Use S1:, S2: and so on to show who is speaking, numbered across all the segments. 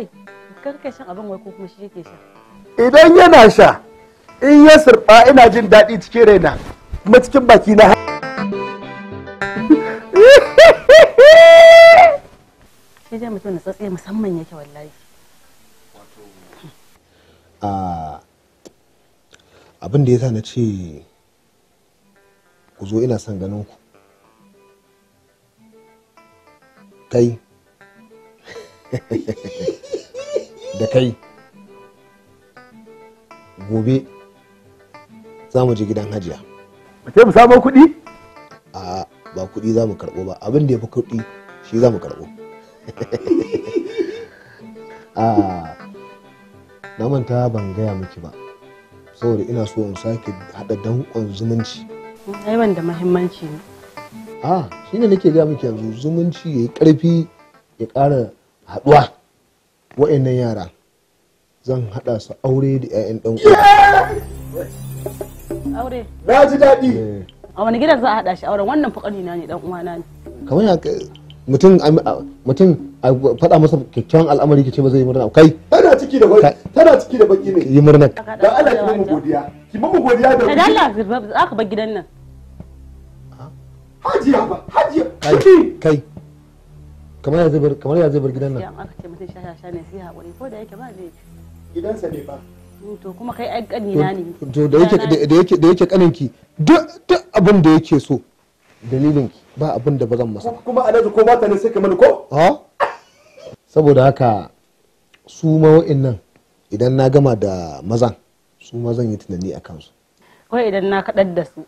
S1: kai shan abin wai ko kuma shi yake sha
S2: idan yana sha in ya sirba ina jin daɗi cikin raina kuma cikin baki na
S1: shi zai mutum natsatse musamman yake wallahi
S2: ah, abin da ya sa na ce ku zo ina son ganin ku kai da kai gobe za mu je gidan hajiya a ce mu samu kuɗi a ba kuɗi za mu karɓo ba abin da ya fi kuɗi shi za mu karɓo a na manta ban gaya miki ba saboda ina so in sake haɗa danƙon zumunci
S1: ai da muhimmanci ne
S2: a shine nake gaya miki yanzu zumunci ya yi ƙarfi ya ƙara Haduwa, wa'annan yara zan haɗa su aure da 'ya'yan ɗan aure na ji daɗi
S1: a wani gidan za a haɗa shi auren wannan fakari na ne uwa na ne
S2: kamar ya mutum mutum a faɗa masa kyakkyawan al'amari ke ce ba zai yi murna kai tana ciki da baki tana ciki da baki ne yi murna
S1: da Allah ki mu
S2: godiya ki mu godiya da da Allah
S1: za ka bar gidan nan haji haba haji
S2: kai kai kamar ya zubar kamar ya gidan nan ya
S1: aka ce mutum shashasha ne sai hakuri ko da yake ba zai gidansa ne fa to kuma kai ai kanina ne to da yake da
S2: yake da yake kaninki duk duk abin da yake so dalilin ki ba abin da ba zan masa kuma alhaji ko ba ta ne sai kamar ko ha saboda haka su ma wa'annan idan na gama da mazan su ma zan yi tunani a kansu
S1: kawai idan na kaɗar da su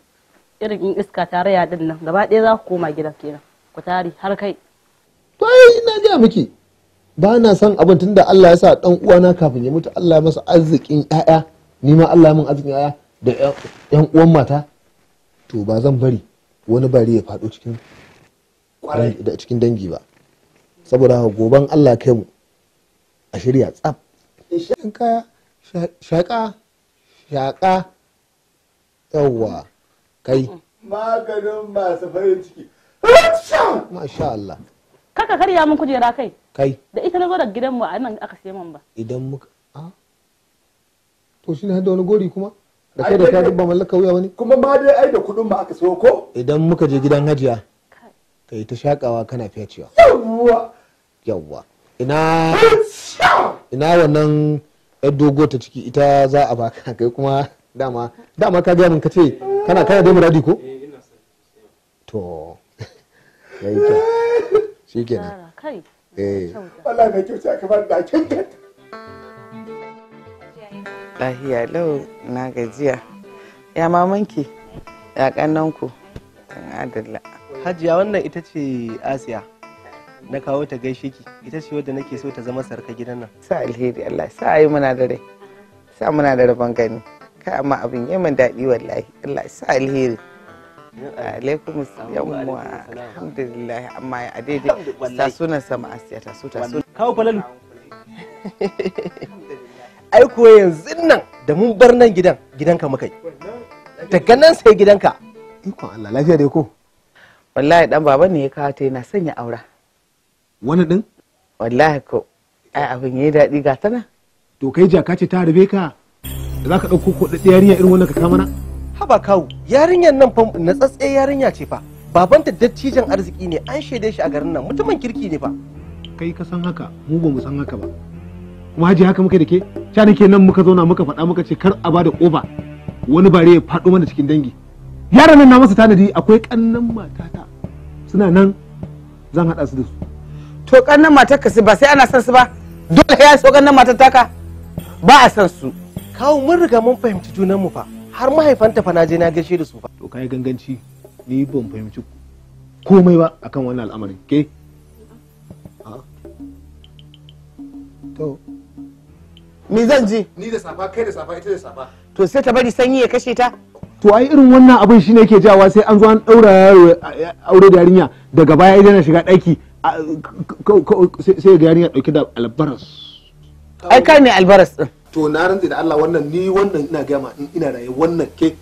S1: irin iska tare ya din nan gaba ɗaya za ku koma gidan kenan ku tare har kai to ai ina gaya
S2: miki ba na son abin tunda Allah ya sa dan uwana kafin ya mutu Allah ya masa arzikin 'ya'ya, ni ma Allah min arzikin 'ya'ya da ƴan uwan mata to ba zan bari wani bari ya faɗo cikin da cikin dangi ba saboda haka goban Allah kai mu a shirya tsaf shaka shaka shaka yawwa kai
S1: maganin
S2: masu farin ciki masha Allah
S1: kaka karya mun kujera kai kai da ita na zo gidanmu a nan aka sai man ba
S2: idan muka a to shi ne da wani gori kuma da kai da ka dubba mallaka wuya wani kuma ma dai ai da kudin ba aka sayo ko idan muka je gidan hajiya kai ta shakawa kana fecewa yawwa yawwa ina ina wannan yar dogo ta ciki ita za a baka kai kuma dama dama ka gaya min ka ce kana kana da muradi ko eh, to yayi kyau shi kenan eh wallahi mai kyau sai aka bar da ka
S3: lahiya lau na gajiya ya mamanki ya kannanku dan adalla hajiya wannan ita ce asiya na kawo ta gaishe ki ita ce wadda nake so ta zama sarka gidan nan sa alheri Allah sa ayi muna da rai sa muna da rabon gani kai amma abin yayin min daɗi wallahi Allah sa alheri alaikum yawwa alhamdulillah amma a daidai ta sunan sama asiya ta su ta sunan kawo falalu ai ko yanzu
S2: nan da mun bar nan gidan gidanka muka yi daga nan sai gidanka ikon Allah lafiya dai ko
S3: wallahi dan baba ne ya kawo ta yana sanya aura wani din wallahi ko ai abin yayi daɗi ga tana to kai jaka ce ta harbe ka da ka ɗauko ko da irin wannan ka kama na haba kawu yarinyar nan fa natsatse
S2: yarinya ce fa babanta dattijan arziki ne an shaide shi a garin nan mutumin kirki ne fa kai ka san haka mu ba mu san haka ba kuma haji haka muka da ke cha nake nan muka zauna muka faɗa muka ce kar a bada ƙofa wani bare ya faɗo mana cikin dangi yaran nan na masa tanadi
S3: akwai ƙannan matata suna nan zan haɗa su da su to ƙannan matarka su ba sai ana san su ba dole ya so ƙannan matar taka ba a san su
S2: kawo mun riga mun fahimci junan mu fa har mahaifanta fa na je na gaishe da su fa to kai ganganci ni ban fahimci komai ba akan wannan al'amarin ke to me zan ji
S3: ni da safa kai da safa ita da safa to sai ta bari sanyi ya kashe ta
S2: to ai irin wannan abin shine ke jawa sai an zo an daura eh, aure da yarinya daga baya idan na shiga daki sai ga yarinya dauke da albaras ai kai ne albaras din to na rantsi da Allah wannan ni wannan ina gama in ina raye wannan ke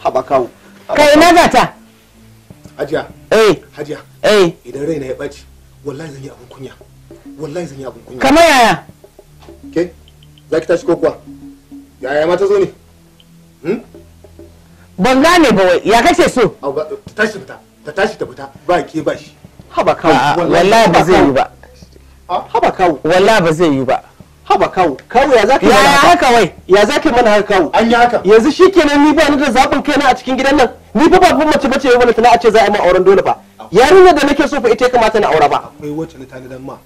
S2: haba kawo kai na zata hajiya eh hajiya eh idan raina ya baci wallahi zan yi abun kunya wallahi zan yi abun kunya kamar yaya ke za ki tashi ko kuwa yaya ma ta zo ne hmm? ban gane ba wai ya kace so ta tashi fita ta tashi ta fita ba ke ba shi haba kawo wallahi ba zai yi ba ah, haba kawo wallahi ba zai yi ba haba kawo kawo ya zaka mana haka wai ya zaka mana haka kawo an yi haka yanzu shikenan ni ba ni da zabin kaina a cikin gidan nan ni ba babban mace bace wani tana a ce za a yi ma auren dole ba yarinya da nake so fa ita ya kamata na aura ba akwai wacce na tanidan ma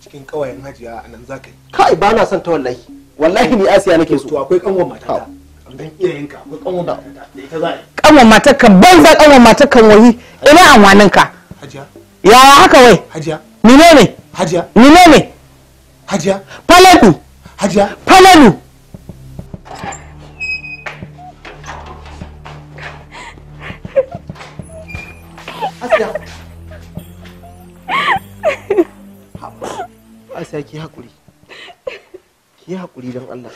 S2: cikin kawayen hajiya a nan zaka yi kai ba na son ta wallahi wallahi ni asiya nake so to akwai kanwan mata dan iyayenka akwai kanwan mata da ita za a yi
S4: kanwan mata
S3: kan banza kanwan mata kan wahi ina amwanin ka hajiya yaya haka wai hajiya ni ne ne hajiya ni ne ne hajiya falalu hajiya falalu Asiya.
S2: Asiya ki haƙuri. Ki yi haƙuri don Allah.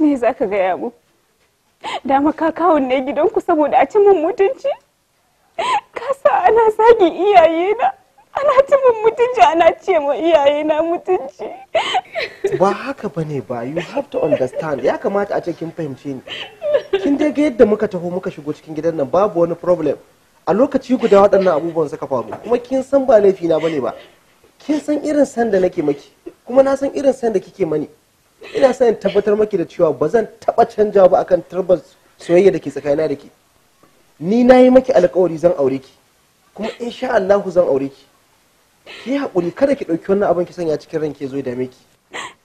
S4: Me za ka gaya mu? Dama ka kawo ne gidanku saboda
S1: a ci min mutunci? Ka sa ana zagin iyayena. ana ta mutunci ana ce ma iyaye na mutunci
S2: ba haka ba ne ba you have to understand ya kamata a ce kin fahimce ni kin dai yadda muka taho muka shigo cikin gidan nan babu wani problem a lokaci guda waɗannan abubuwan suka faru kuma kin san ba laifi na bane ba kin san irin san da nake maki kuma na san irin san da kike mani ina son in tabbatar maki da cewa ba zan taɓa canja ba akan tarbar soyayya da ke tsakanina da ke ni na yi maki alkawari zan aure ki kuma insha Allah zan aure ki ki haƙuri kada ki ɗauki wannan abin ki sanya cikin ranki zo dame ki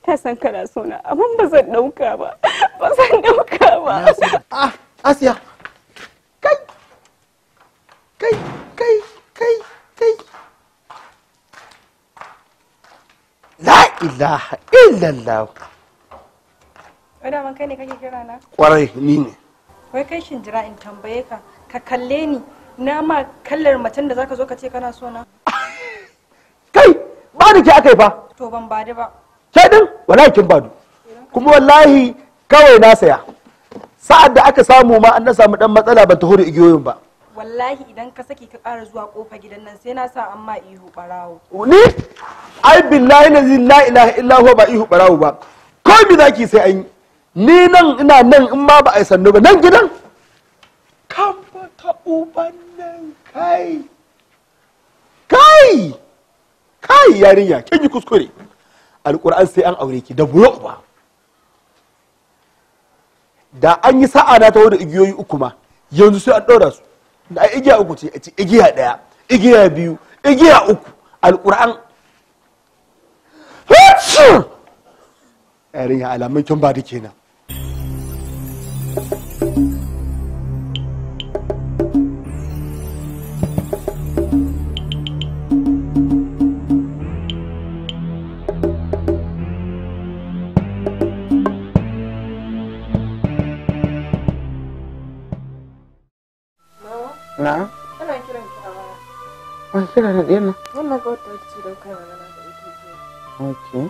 S1: ka san kana so na amma ba zan ɗauka ba ba zan ɗauka ba ah asiya kai kai kai kai
S3: kai la ilaha illallah
S5: Wadaman kai ne kake kira na?
S2: Kwarai, ni ne.
S5: Wai kai shin jira in tambaye ka, ka kalle ni na ma kallar macen da zaka zo ka ce kana so na? da aka yi fa to ban badi ba
S2: ke din wallahi kin badu kuma wallahi kawai na saya sa'ad da aka samu ma an samu dan matsala ba ta hore igiyoyin ba
S5: wallahi idan ka saki ka ƙara zuwa kofa gidan nan sai na sa an ma ihu barawo
S2: ni ai billahi la ilaha illa huwa ba ihu barawo ba ko bi zaki sai an ni nan ina nan in ma ba a yi sannu ba nan gidan kan ta uban nan kai kai kai yarinya kin yi kuskure alquran sai an aure ki da bulo ba da an yi sa'a na ta wani igiyoyi uku ma yanzu sai an ɗora su da igiya uku ce a ce igiya ɗaya igiya biyu igiya uku alquran yarinya alamun kin ba da kenan
S3: kira na ɗina? nan? Wannan ga wata
S5: ce da kai magana da ita
S1: ce. Ok.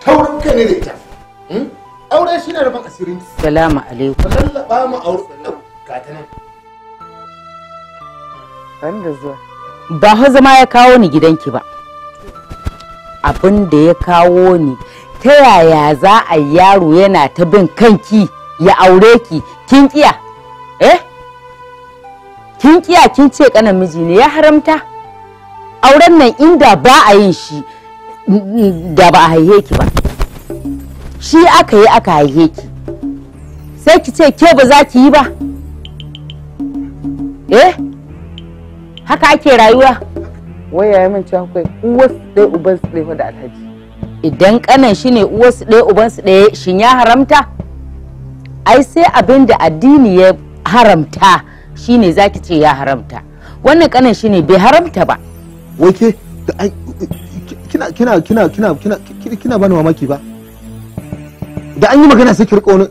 S5: Taurin ka
S2: ne da ita. Hmm? Aure shi na rufin asirin.
S6: Salamu alaikum. Ka
S2: lallaɓa mu wurin sallau
S3: ga ta nan.
S6: Ban da zuwa. Ba ha zama ya kawo ni gidanki ba. Abin da ya kawo ni ta yaya za a yaro yana ta bin kanki. ya aure ki kin kiya eh kin kiya kin ce kanan miji ne ya haramta auren nan inda ba a yin shi da ba a haihe ki ba shi aka yi aka haihe ki sai ki ce ke ba za ki yi ba eh haka ake rayuwa wai ya min cewa kai su ɗaya ubansu ɗaya da alhaji idan kanan shi ne uwarsu ɗaya su ɗaya shin ya haramta ai sai abin da addini ya haramta shine zaki ce ya haramta wannan kanan shine bai haramta ba Wai ke kina kina kina kina kina kina bani mamaki ba
S2: da an yi magana sai ki rika wani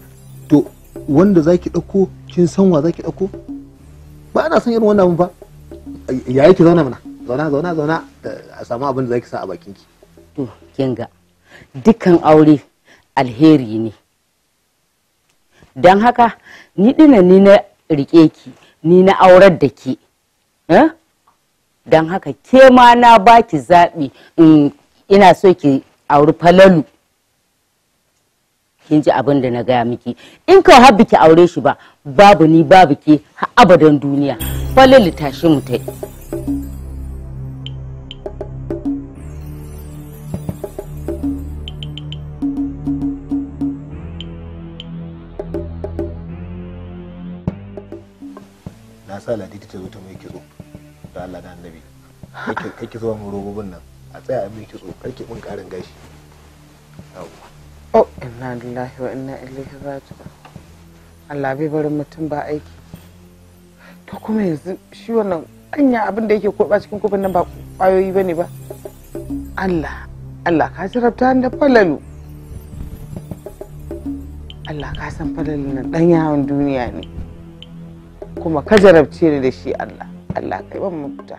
S2: to wanda zaki dauko kin san wa zaki dauko ba ana san irin wannan abun ba ya yake zauna mana zauna zauna zauna
S6: eh, a samu abin da zaki sa a bakin ki to kinga dukkan aure alheri ne don haka ni dina ni na rike ki ni na aurar da ke eh? don haka ke ma na baki zaɓi ina so ki auri falalu kin ji abin da na gaya miki in ka har biki aure shi ba babu ni babu ke abadan duniya falalu tashi mu tai
S2: sa ladidi ta zo ta mai kitso da Allah da annabi kai ki zuwa mu robobin nan a tsaya a mai kitso kar ki bin karin gashi
S3: oh inna lillahi wa inna ilaihi raji'un Allah bai barin mutum ba aiki to kuma yanzu shi wannan anya abin da yake kurba cikin kofin nan ba kwayoyi bane ba Allah Allah ka jarabta da falalu Allah ka san falalu nan dan yawon duniya ne kuma ka jarabce ni da shi Allah Allah kai ban mafita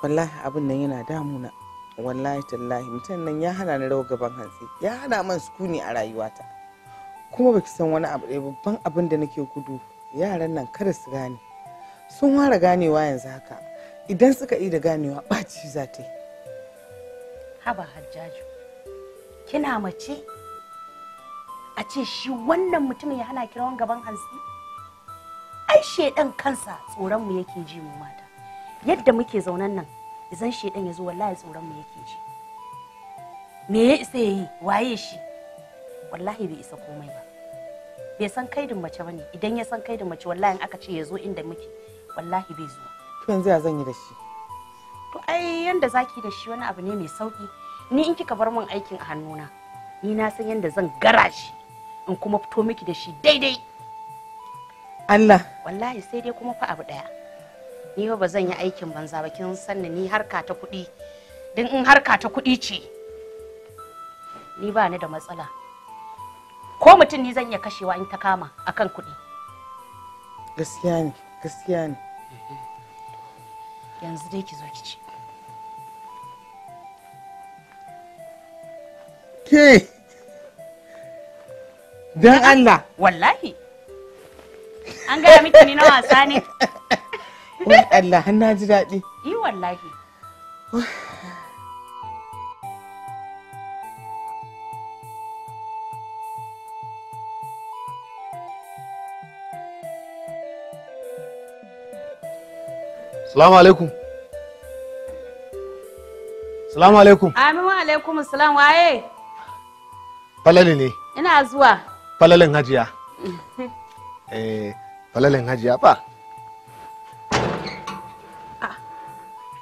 S3: wallahi abin nan yana damuna wallahi tallahi mutum nan ya hana ni rawa gaban hantsi ya hana man sukuni a rayuwata kuma baki san wani abu ɗaya babban abin da nake gudu yaran nan kada su gane sun fara ganewa yanzu haka idan suka yi da ganewa ɓaci za ta yi
S4: haba hajjaju kina mace a ce shi wannan mutumin ya hana kirawan gaban hansi. ai shedan kansa tsoron mu yake ji mu mata yadda muke zaunan nan idan shedan ya zo wallahi tsoron mu yake ji me ya isa yayi waye shi wallahi bai isa komai ba bai san kaidin mace bane idan ya san kaidin mace wallahi in aka ce ya zo inda muke wallahi bai zuwa
S3: to yanzu ya zan yi da shi
S4: to ai yanda zaki da shi wani abu ne mai sauki ni in kika bar min aikin a hannuna ni na san yanda zan gara shi in kuma fito miki da shi daidai Allah wallahi sai dai kuma fa abu daya ni ba zan yi aikin banza ba kin san ni harka ta kuɗi din in harka ta kuɗi ce ni ba ni da matsala ko mutum ni zan iya kashewa in ta kama akan kuɗi
S3: gaskiya ne gaskiya ne
S4: yanzu dai ki zo ki ci ke Dan Allah. Wallahi. An gaya miki ni na wasa ne.
S3: Wai Allah, har na ji daɗi.
S4: Yi wallahi.
S2: Salamu alaikum. Salamu alaikum.
S4: Amin wa alaikum salam waye? Falali ne. Ina zuwa.
S2: falalin hajiya eh falalin hajiya ba
S4: ah,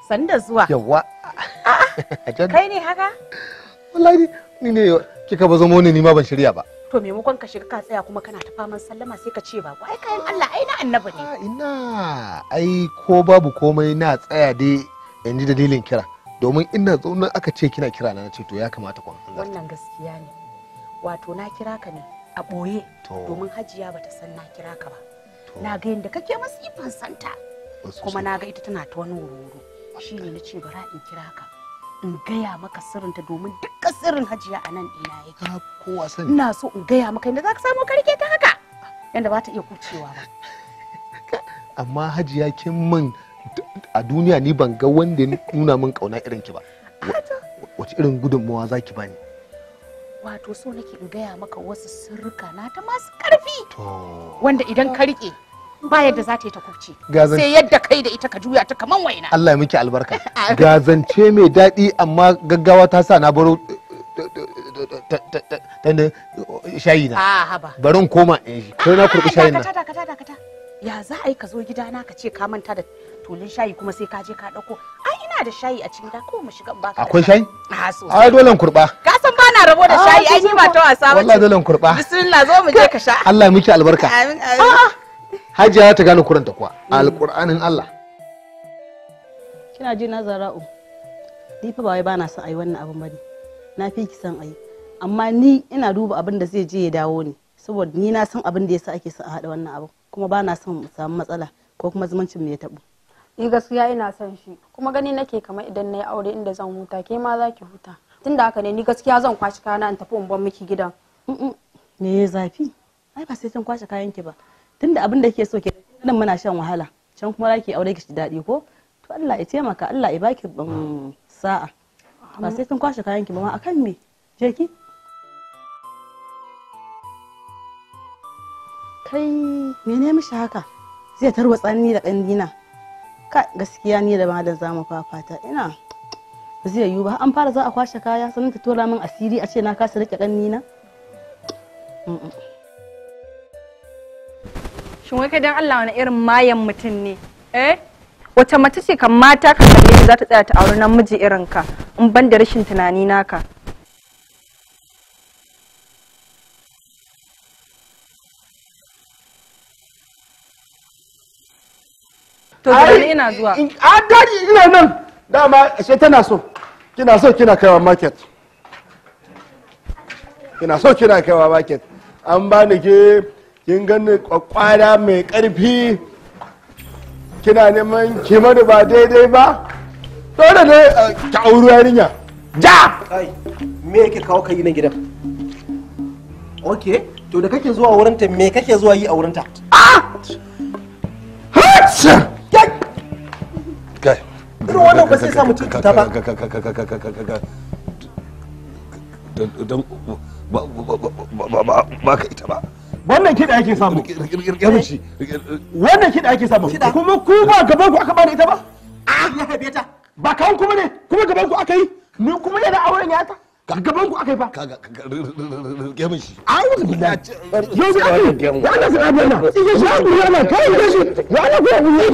S4: sanda zuwa
S2: yawa ah, kai ne haka wallahi ni ne kika ba zama ni ma ban shirya ba
S4: to maimakon ka shiga ka tsaya kuma kana ta faman sallama sai ka ce ba ai kayan Allah ai na annabi ne ah, ina
S2: ai ko babu komai na tsaya dai in ji dalilin kira domin ina zaune aka ce kina kira na ce to ya kamata kwan
S4: wannan gaskiya ne wato na kira ka ne a ɓoye domin hajiya bata san na kira ka ba na ga yadda kake masifan santa kuma na ga ita tana ta wani wururu shi ne na ce bara in kira ka in gaya maka sirrinta domin dukkan sirrin hajiya a nan ina yake ina so in gaya maka yadda za ka samu karke ta haka yadda ba ta iya kucewa ba
S2: amma hajiya kin min a duniya ni ban ga wanda nuna min kauna irin ki ba wace irin gudunmawa za ki bani
S4: wato so nake in gaya maka wasu sirrika na ta masu karfi wanda idan ka rike ba yadda za ta yi ta kufce sai yadda kai da ita ka juya ta kaman waina
S2: Allah ya miki albarka gazance mai daɗi amma gaggawa ta sa na baro
S4: eh,
S2: eh, eh, shayi na ah, bari koma in sai na kurɓi shayi na
S4: ya za a yi ka zo gidana ka ce ka manta da tulun shayi kuma sai ka je ka dauko ai ina da shayi a cikin da ko mu shiga ba akwai shayi a ah, so ai dole kurba ka san ba na rabo da ah, shayi ai ni ba ta wasa ba wallahi dole kurba bismillah zo mu je ka sha Allah miki albarka
S1: amin amin ah,
S2: hajiya ta gane kuranta kuwa mm. alqur'anin Allah
S1: kina ji na zara'u ni fa ba wai bana son ayi wannan abin bane na fi ki san ayi amma ni ina duba abin da zai je ya dawo ni saboda ni na san abin da yasa ake son a haɗa wannan abin kuma ba na son mu samu matsala ko kuma zumuncin mu ya taɓo ni
S5: gaskiya ina son shi kuma gani nake kamar idan na yi aure inda zan huta ke ma za ki huta tunda haka ne ni gaskiya zan kwashi kayana in tafi in miki gidan
S1: me ya zafi ai ba sai kin kwashe kayan ki ba tunda abin da kike so ke nan muna shan wahala can kuma za ki aure ki ci daɗi ko to Allah ya taimaka Allah ya baki um, sa'a ba sai kin kwashe kayan ki ba ma akan me je ki kai ne mishi haka zai tarwatsa ni da dina. gaskiya ni da malam zamu fafata ina ba zai yiwu ba an fara za a kwashe kaya sannan ta tura min asiri a ce na kasa rike ganni na shin wai kai dan Allah wani irin mayan mutum ne eh wata
S5: mace ce kan mata ka da za ta tsaya ta auri namiji irin ka in ban da rashin tunani naka
S3: to gani ina zuwa
S2: a daji ina nan dama ashe tana so kina so kina kaiwa market kina so kina kaiwa market an ba ni ke kin gani kwakwara mai karfi kina neman kimar ba daidai ba dole ne eh, ka auri yarinya ja me yake kawo kai na gidan okay to da kake zuwa wurinta me kake zuwa yi a wurinta ah hatsa wannan ba sai ka ita samu kuma gaban ku aka bani ita ba a ah! ya haife ta ba kawun kuma ne kuma gaban ku aka yi ni kuma yana auren ya ga gaban ku akai fa kaga rike min shi a'udhu billahi yau bi aki
S6: wannan sai abin nan ije shi kai da shi ya ana ko ku ne shi ana ko ku ne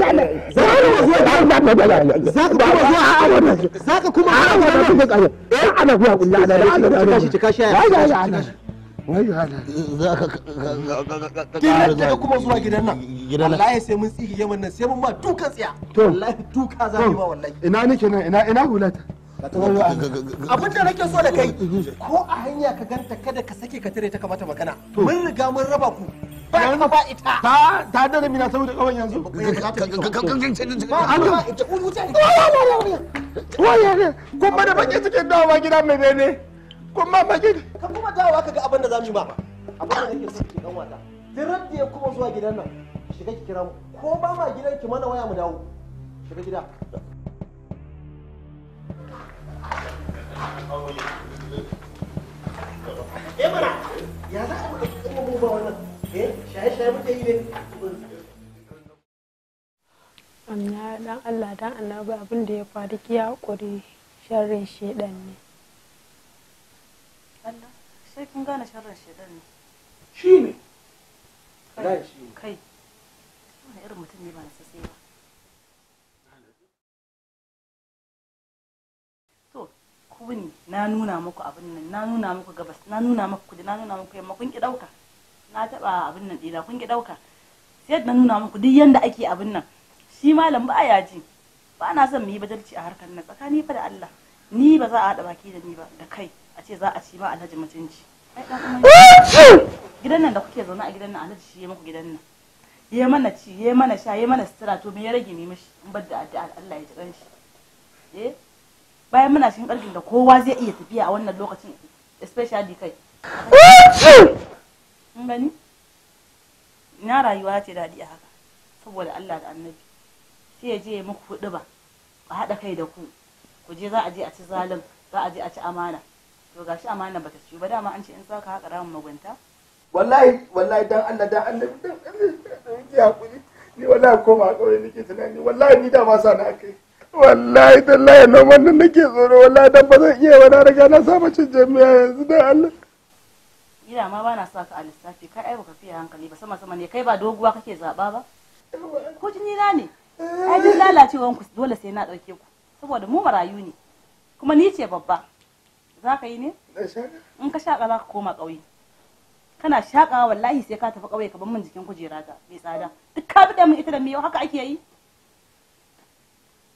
S6: nan
S3: za ka kuma zuwa da da da za ka kuma zuwa a wannan
S2: za ka kuma a wannan da kai eh ana ku hakuri da da da da kuma cika shi ya ya ya wai kuma za ka kuma zuwa gidan nan gidan ya sai mun tsige yaman nan sai mun ma dukan tsiya wallahi duka za mu yi ma wallahi ina nake nan ina ina hulata abin da nake so da kai ko a hanya ka ganta kada ka sake ka tare ta kamata magana mun riga mun raba ku ba ka ba ita ta ta da mina saboda kawai yanzu waye ne kuma da baki suke dawowa gida mai bene kuma baki ka kuma dawowa ka ga abin da zamu yi ma abin da nake so ki dan wata tirar da ya kuma zuwa gidan nan shiga ki kira mu ko ba ma gidan ki mana waya mu dawo shiga gida eh
S1: mana ya za a muka kuma ba
S3: wannan eh shaye-shaye muke yi ne
S5: amma dan Allah dan annabi abin da ya faru ki hakuri sharrin shedan ne
S1: Allah sai kin gane sharrin shedan ne shi ne kai kai irin mutum ne ba na ba ku ne na nuna muku abin nan na nuna muku gabas na nuna muku kudi na nuna muku yamma kun ki dauka na taba abin nan dina kun ki dauka sai na nuna muku duk yanda ake abin nan shi malam ba ya ji ba na son mu yi bajalci a harkar nan tsakani fa da Allah ni ba za a haɗa baki da ni ba da kai a ce za a ci ma alhaji mutunci gidan nan da kuke zauna a gidan nan alhaji shi ya muku gidan nan ya mana ci ya mana sha ya mana sutura to me ya rage mi mishi in bar da addu'a Allah ya ji shi eh bayan muna cikin ƙarfin da kowa zai iya tafiya a wannan lokacin especially kai wuce in gani na rayuwa ce daɗi a haka saboda Allah da annabi sai ya je ya muku kuɗi ba a haɗa kai da ku ku je za a je a ci zalim za a je a ci amana to gashi amana bata ci ba dama an ce in saka haka ramin magunta
S2: wallahi wallahi dan Allah dan annabi dan Allah ya hakuri ni wallahi koma kawai nake tunani wallahi ni da ma sa na kai wallahi tallahi noman nan nake tsoro wallahi dan ba zan iya ba na riga na samu cin jami'a yanzu da Allah
S1: ina ma bana sa ka a lissafi kai ai baka fiye hankali ba sama sama ne kai ba doguwa kake zaba ba ko jini na ne ai duk lalacewan ku dole sai na dauke ku saboda mu marayu ne kuma ni ce babba za ka yi ne in ka shaka za ka koma ƙauye kana shaka wallahi sai ka tafi ƙauye ka bar min jikin kujera ta mai tsada duk ka bi da mun ita da miyau haka ake yi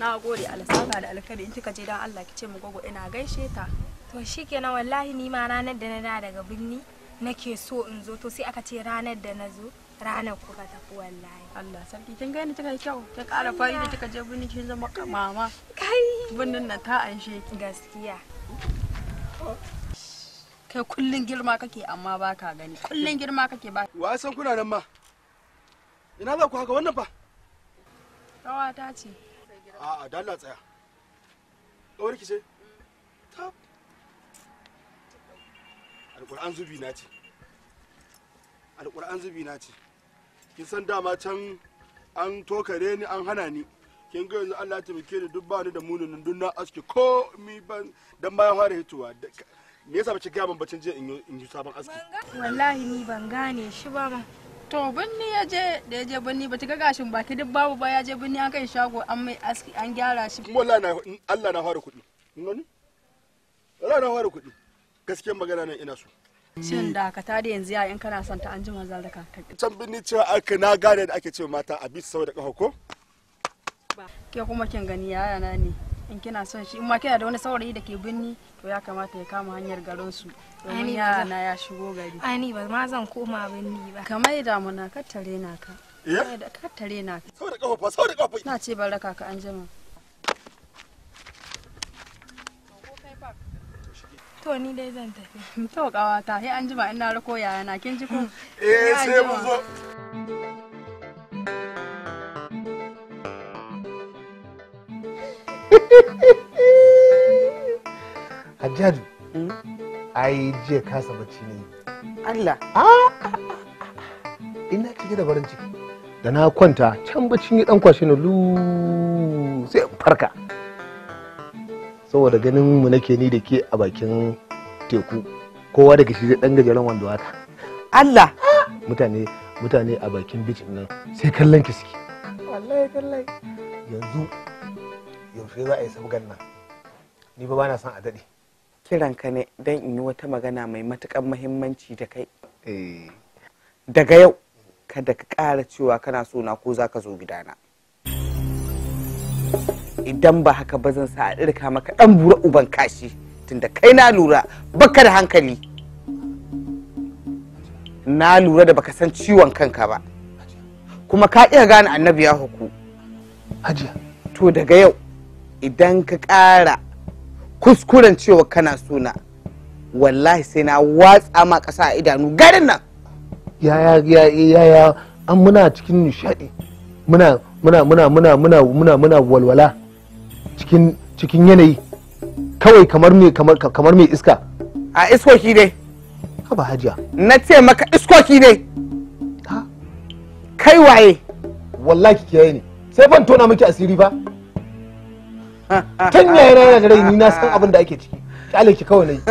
S5: na gode alasaka da alkhairi in kika je dan Allah ki ce mu gogo ina gaishe ta to shikenan wallahi ni ma ranar da na da daga birni nake so in zo to sai aka ce ranar da na zo ranar kuka tafi wallahi Allah sarki kin ni kika yi kyau kin ƙara fari da kika je birni kin zama mama kai birnin nan ta anshe ki gaskiya kai kullun girma kake amma ba ka gani kullun girma kake ba wa san kuna nan ma ina za ku haka wannan fa rawa ta ce
S2: a'a da Allah tsaya kawar ki ce tab alƙur'an zubi na ce alƙur'an zubi na ce kin san dama can an tokare ni an hana ni kin ga yanzu Allah ya taimake ni duk ba ni da munin dun na aske ko mi ban dan bayan fara hituwa me yasa bace ga ban bacin je in yi sabon aski
S5: wallahi ni ban gane shi ba ma to binni ya je da ya je binni ba ta ga gashin baki duk babu ba ya je binni an kai shago an mai aski an gyara shi wallahi na
S2: Allah na fara kuɗi nani Allah na fara kuɗi gaskiyar magana nan ina so
S5: shin da ka tada yanzu ya in kana son ta an jima manzal da ka can
S2: binni cewa aka na gane da ake cewa mata a bisa sau da kafa ko
S5: ke kuma kin gani yaya na ne in kina son shi in ma kina da wani saurayi da ke binni to ya kamata ya kama hanyar garin su domin yana ya shigo gari ni ba ma zan koma binni ba kamar da na kattare na ka eh da kattare na ka sau da kafa fa da kafa na ce baraka ka an jima to ni dai zan tafi to kawata sai an jima ina rako yaya kin ji ko eh sai
S6: mu zo
S2: Hajjaju, hmm? ai jiya kasa bacci ne. Allah. Ah! Ina cike da farin ciki. Da na kwanta can bacci ne dan kwashe na sai farka. Saboda ganin mu nake ni da ke a bakin teku. Kowa daga shi zai dan gajeren wanda haka. Allah. Mutane mutane a bakin bicin nan sai kallon ki suke.
S3: Wallahi kallai.
S2: Yanzu yaushe za a yi sabgan nan ni ba bana son a daɗe
S3: kiranka ne don in yi wata magana mai matukan muhimmanci da kai eh. daga yau kada ka ƙara cewa kana so na ko za ka zo gidana idan ba haka ba zan sa a ɗirka maka ɗan bura uban kashi tunda kai na lura baka da hankali na lura da baka san ciwon kanka ba kuma ka iya gane annabi ya hukku hajiya to daga yau idan ka ƙara kuskuren cewa kana suna wallahi sai na watsa ma ƙasa a idanu garin nan yaya
S2: yaya an muna cikin nishaɗi muna muna muna muna muna muna muna walwala cikin cikin yanayi kawai kamar me kamar kamar me iska a iskoki dai ba hajiya na ce maka iskoki dai kai waye wallahi kiyaye ne sai ban tona miki asiri ba tun yayi na da raini na san abin da ake ciki kyale ki kawai nayi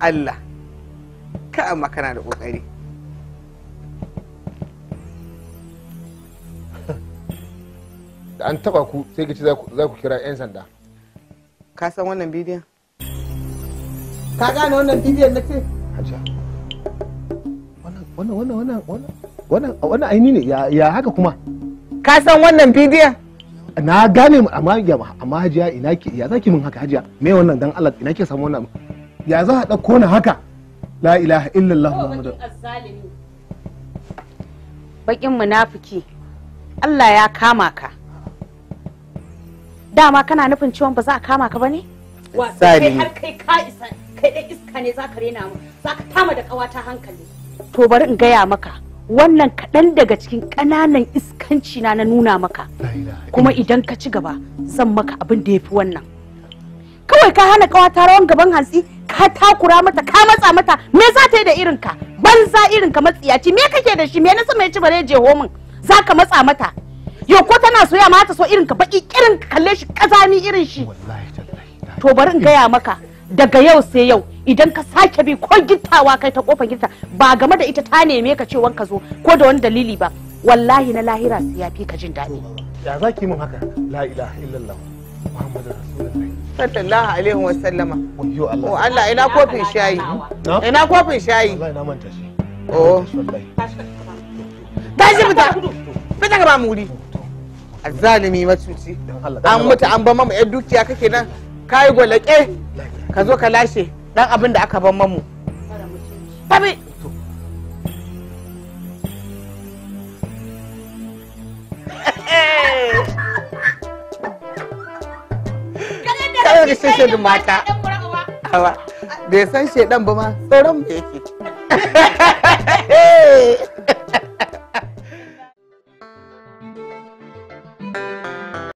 S3: Allah ka amma kana da kokari
S2: da an taba ku sai ka ci za ku kira 'yan sanda ka san wannan bidiyon ka gane wannan bidiyon na ce wannan wannan wannan wannan aini ne ya haka kuma ka san wannan bidiyon na gane mu amma amma hajiya ina ke ya zaki min haka hajiya me wannan dan Allah ina ke samu wannan ya za a dauko ni haka la ilaha illallah muhammadu
S4: bakin munafiki Allah ya kama ka dama kana nufin ciwon ba za a kama ka bane wa kai har kai ka isa kai dai iska ne za ka rena mu za ka tama da kawata hankali to bari in gaya maka wannan kaɗan daga cikin ƙananan iskanci na na nuna maka kuma idan ka ci gaba zan maka abin da ya fi wannan kawai ka hana ƙawata rawan gaban hantsi ka takura mata ka matsa mata me za ta yi da irinka banza irinka matsiyaci me kake da shi me na sama ya ci bare je homin za ka matsa mata yau ko tana soya ma ta so ka baki irin kalle shi kazami irin shi to bari in gaya maka daga yau sai yau idan ka sake bi ko gittawa kai ta kofar gitta ba game da ita ta neme ka ce wanka zo ko da wani dalili ba wallahi na lahira ya fi
S3: ka jin daɗi ya za ki min haka la ilaha illallah muhammadu rasulullahi sallallahu alaihi wa sallama o oh, Allah ina kofin shayi ina kofin shayi wallahi na manta shi oh o tashi fita fita ka ba mu wuri azzalimi macuci an mutu an ba mamu yan dukiya kake nan kai gwalake ka zo ka lashe dan abin da aka ban mamu tabi
S6: kawai da shi mata
S3: awa bai san shedan ba ma tsoron me yake